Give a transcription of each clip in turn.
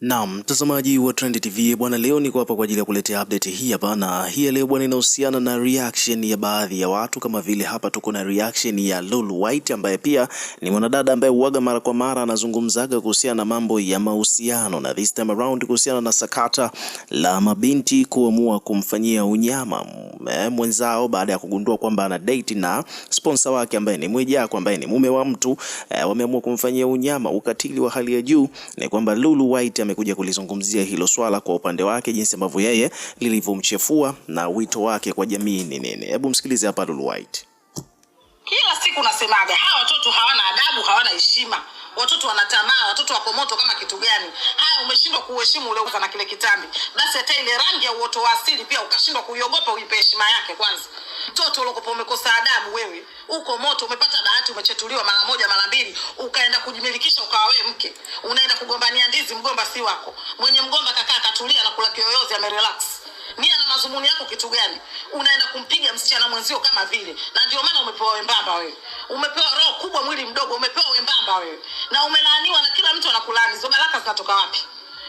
Naam, mtazamaji wa Trend TV bwana, leo niko hapa kwa ajili ya kuletea update hii hapa, na hii leo bwana inahusiana na reaction ya baadhi ya watu, kama vile hapa tuko na reaction ya Lulu White ambaye pia ni mwanadada ambaye huaga mara kwa mara anazungumzaga kuhusiana na mambo ya mahusiano, na this time around kuhusiana na sakata la mabinti kuamua kumfanyia unyama Eh, mwenzao baada ya kugundua kwamba ana date na sponsor wake ambaye ni Mwijaku ambaye ni mume wa mtu e, wameamua kumfanyia unyama, ukatili wa hali ya juu. Ni kwamba Lulu White amekuja kulizungumzia hilo swala kwa upande wake, jinsi ambavyo yeye lilivyomchefua na wito wake kwa jamii ni nini. Hebu msikilize hapa Lulu White. Kila siku nasemaga hawa watoto hawana adabu, hawana heshima watoto wanatamaa, watoto wako moto kama kitu gani? Haya, umeshindwa kuheshimu ule uka na kile kitambi, basi hata ile rangi ya uoto wa asili pia ukashindwa kuiogopa, uipe heshima yake kwanza. Mtoto ulokopa umekosa adabu, wewe uko moto, umepata bahati, umechetuliwa mara moja mara mbili, ukaenda kujimilikisha, ukawa wewe mke, unaenda kugombania ndizi, mgomba si wako mwenye mgomba, kakaa katulia na kula kiyoyozi, amerelax nia ana mazumuni yako kitu gani? Unaenda kumpiga msichana mwenzio kama vile, na ndio maana umepewa wembamba wewe. Umepewa roho kubwa, mwili mdogo, umepewa wembamba wewe, na umelaaniwa na kila mtu anakulaani. Hizo baraka zinatoka wapi?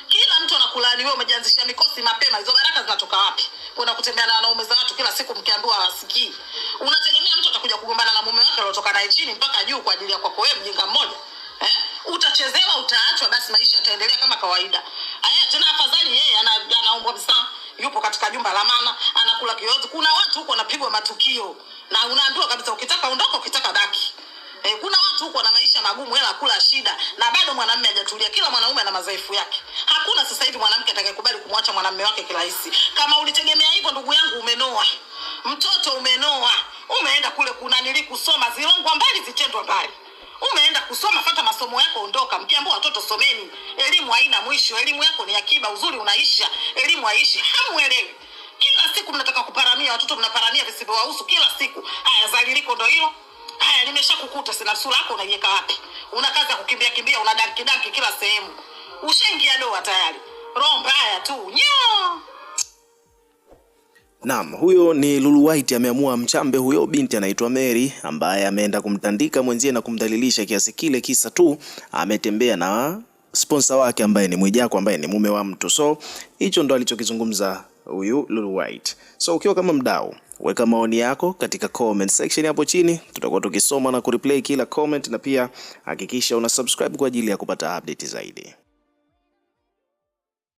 Kila mtu anakulaani wewe, umejianzishia mikosi mapema. Hizo baraka zinatoka wapi? Kuna kutembea na wanaume za watu kila siku, mkiambiwa hawasikii. Unategemea mtu atakuja kugombana na mume wake aliotoka naye chini mpaka juu kwa ajili ya kwako wewe, mjinga mmoja eh? Utachezewa, utaachwa, basi maisha yataendelea kama kawaida. Aya, tena afadhali yeye anaombwa msamaha yupo katika jumba la mama anakula kiozi Kuna watu huko wanapigwa matukio na unaambiwa kabisa, ukitaka undoko ukitaka baki. E, kuna watu huko na maisha magumu, hela kula shida, na bado mwanamume hajatulia. Kila mwanaume ana madhaifu yake. Hakuna sasa hivi mwanamke atakayekubali kumwacha mwanamume wake kirahisi. Kama ulitegemea hivyo, ndugu yangu, umenoa mtoto, umenoa umeenda kule kunanili kusoma, zilongwa mbali, zichendwa mbali kusoma, fata masomo yako, ondoka. Mkiambia watoto someni, elimu haina mwisho, elimu yako ni akiba, uzuri unaisha, elimu haishi. Hamuelewi, kila siku mnataka kuparamia watoto, mnaparamia visivyowahusu kila siku. Haya, zaliliko ndo hilo. Haya, nimeshakukuta, sina sura yako unaiweka wapi? Una kazi ya kukimbia kimbia, una danki danki kila sehemu, ushaingia doa tayari, roho mbaya tu nyoo Naam, huyo ni Lulu White ameamua mchambe huyo binti anaitwa Mary ambaye ameenda kumtandika mwenzie na kumdhalilisha kiasi kile, kisa tu ametembea na sponsor wake ambaye ni Mwijaku ambaye ni mume wa mtu. So hicho ndo alichokizungumza huyu Lulu White. So ukiwa kama mdau, weka maoni yako katika comment section hapo chini, tutakuwa tukisoma na kureplay kila comment, na pia hakikisha una subscribe kwa ajili ya kupata update zaidi.